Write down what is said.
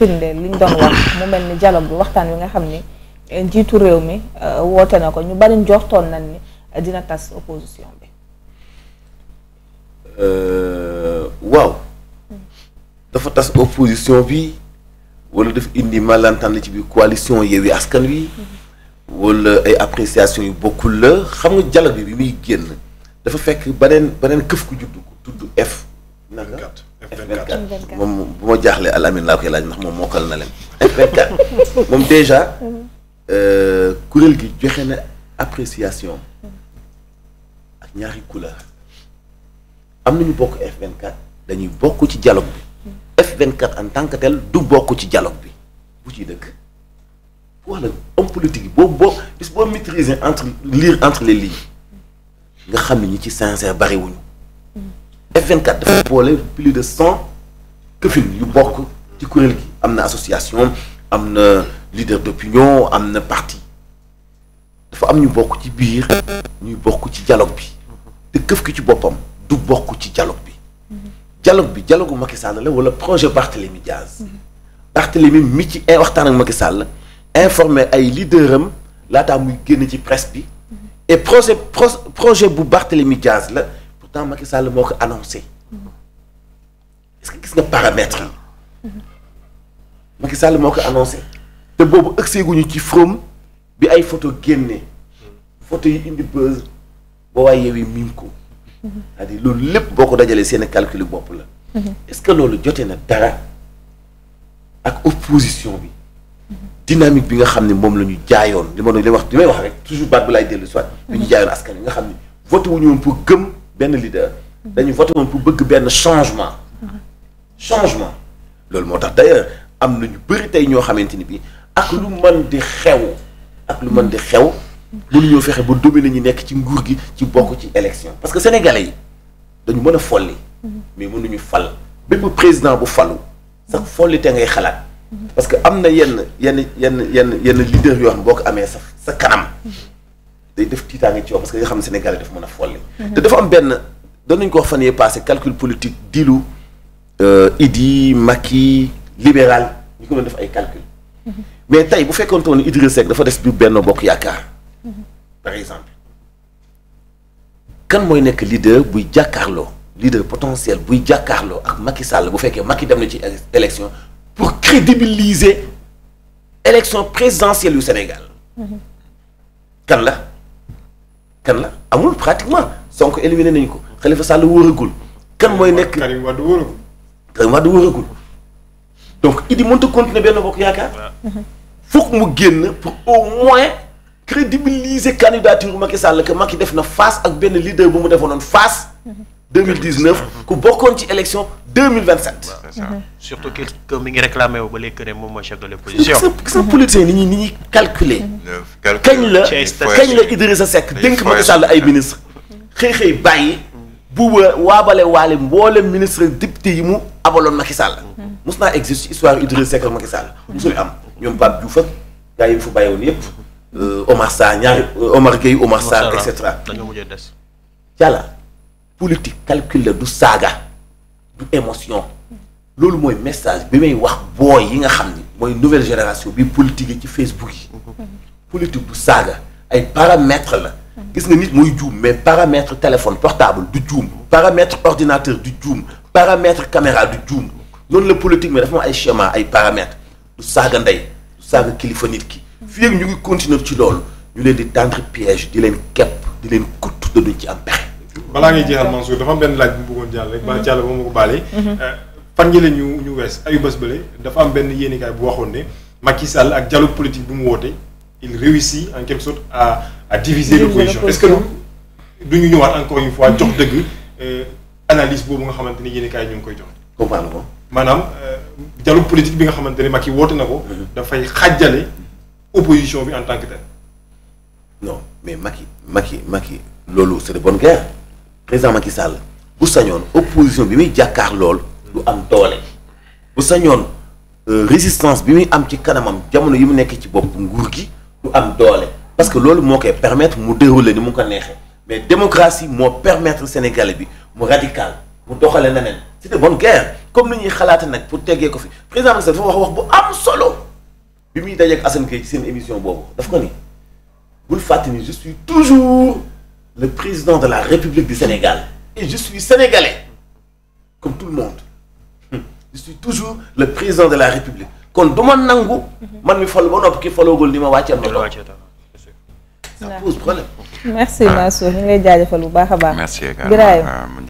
firndeel li ñu doon wax mu mel ni dialogue bi waxtaan wi nga xam ni eh, njiitu réew mi eh, woote na ko ñu bari njortoon nañ ni eh, dina tas opposition bi. Euh, waaw. dafa tas opposition bi wala daf indi malentendu ci biir coalition Yewwi Askan Wi. wala ay appréciation yu bokkul la xam nga dialogue bi bi muy génn dafa fekk beneen beneen këf ku judd ko tudd F. 24 moom bu ma jaaxlee alamin laa koy laaj ndax moom mokkal na leen F24 moom déjà mm-hmm. euh, kuréel gi joxe na appréciation ak ñaari couleur am nañu bokk F24 dañuy bokk ci dialogue bi mm-hmm. F24 en tant que tel du bokk ci dialogue bi bu ciy dëkk wala homme politique yi boobu boo bis boo maîtriser entre lire entre les lignes nga xam ne ñi ci sincère bariwuñu F24 dafa boole plus de cent këfin yu bokk ci kuréel gi am na association am na leader d'opinion am na parti dafa am ñu bokk ci biir ñuy bokk ci dialogue bi te këf ki ci boppam du bokk ci dialogue bi dialogue bi dialogue Macky la wala projet Barthélémy Diaz Barthélémy mi ci waxtaan ak Macky Sall informé ay leader am laataa muy génn ci presse bi et projet projet bu Barthélémy Diaz la pourtant Macky Sall moo ko annoncé est-ce que gis nga paramètres yi Macky Sall moo ko annoncé te boobu ëgseeguñu ci from bi ay photo génne photo yi indi buzz ba waaye yow yi ko loolu lépp boo ko dajalee seen calcul bopp la est-ce que loolu jotee na dara ak opposition bi dynamique bi nga xam ne moom la ñu jaayoon li ma doon li wax li may wax rek toujours baat bi laay dellu soit bi ñu jaayoon askan nga xam ne voté wuñu woon pour gëm benn leader dañu voté bu bëgg benn changement changement loolu moo tax d'ailleurs am na ñu bëri tey ñoo xamante ni bi ak lu mën di xew ak lu mën di xew mënuñoo fexe ba dominer ñi nekk ci nguur gi ci bokk ci élection parce que sénégalais yi dañu mën a folli mais mënuñu fal bépp président bu falu sax folli te ngay xalaat parce que am na yenn yenn yenn yenn yenn leader yoo xam boo ko amee sa sa kanam day def tiitaange ci yow parce que nga xam ne Sénégal dafa mën a folli mhm. te dafa am benn doon nañu ko wax fan yee passé calcul politique dilu euh, Idi Macky libéral ñu ko doon def ay calcul mhm. mais tey bu fekkoon toon Idriss Seck dafa des biir benn Bokk Yaakaar mhm. par exemple kan mooy nekk leader buy jàkkaarloo leader potentiel buy jàkkaarloo ak makki sàll bu fekkee Macky dem na ci élection pour crédibiliser élection présidentielle yu Sénégal kan la kan la amul pratiquement Sonko éliminé nañu ko Khalifa Sall wóoragul. kan mooy nekk a Karim Wade wóoragul. Karim Wade wóoragul donc Idi mënta continuer benn bokk yaakaar. foog mu génn pour au moins crédibiliser candidature Macky Sall que Macky def na face ak benn leader bu mu defoon face. 2019 mhm. mhm. ku bokkoon ci élection. deux mille vingt sept. Mhm. surtout que mi ngi réclamé wu ba léegi ne moom mooy chef de l' opposition. gis nga politiciens yi ni ñuy mhm. ay ministre xëy bàyyi. bu waabale waale mboolem ministre député yi mu abaloon Macky Sall. Mhm. mos naa existe ci histoire Idrissa Seck ak Macky Sall. mosul am ñoom Pape Diouf ak gars yi dañoo mujjee des. yàlla politique calcul la du saaga. du émotion loolu mooy message bi may wax booy yi nga xam ni mooy nouvelle génération bi politique ci Facebook yi politique du saaga ay paramètre la gis nga nit mooy juum mais paramètre téléphone portable du juum paramètre ordinateur du juum paramètre caméra du juum noonu la politique mais dafa am ay schéma ay paramètres du saaga ndey du saaga kilifa nit ki fii ak ñu ngi continuer ci loolu ñu leen di tendre piège di leen kepp di leen kutt da duñ ci am balaa ngay jeexal Mansour dafa am benn laaj bu mu bëggoon jàll rek. ba mhm. jàll ba ma ko baale. Mhm. Euh, fan jële ñu wees ayu bés bële dafa am benn yéenikaay bu waxoon ne Macky Sall ak dialogue politique bi mu woote il réussit en quelque sorte à à diviser l'opposition du ñu ñëwaat encore une fois mhm. jox dëgg euh, analyse boobu nga xamante ni yéenikaay ñu ngi koy jox. comprendre ko maanaam euh, dialogue politique bi nga xamante ne Macky woote na ko. dafay xàjjale opposition bi en tant que tel. non mais Macky Macky Macky loolu président Macky Sall bu sañoon opposition bi muy jàkkaar lool du am doole bu sañoon euh, résistance bi muy am ci kanamam jamono yi mu nekk ci bopp nguur gi du am doole parce que loolu moo koy permettre mu dérouler ni mu ko neexee mais démocratie moo permettre Sénégalais bi mu radical mu doxale neneen c'est de bonne guerre comme ni ñuy xalaate nag pour teggee ko fi président Macky Sall dafa wax wax bu am solo bi muy dajeek Assane Gueye ci seen émission boobu daf ko ni le président de la République du Sénégal. Et je suis sénégalais, comme tout le monde. Je suis toujours le président de la République. Kon du ma nangu. man mi fal ba noppi ki faloogul ni ma wàcceel ma. ça pose problème. merci Mansour ñu ngi lay jaajëfal bu baax a baax. merci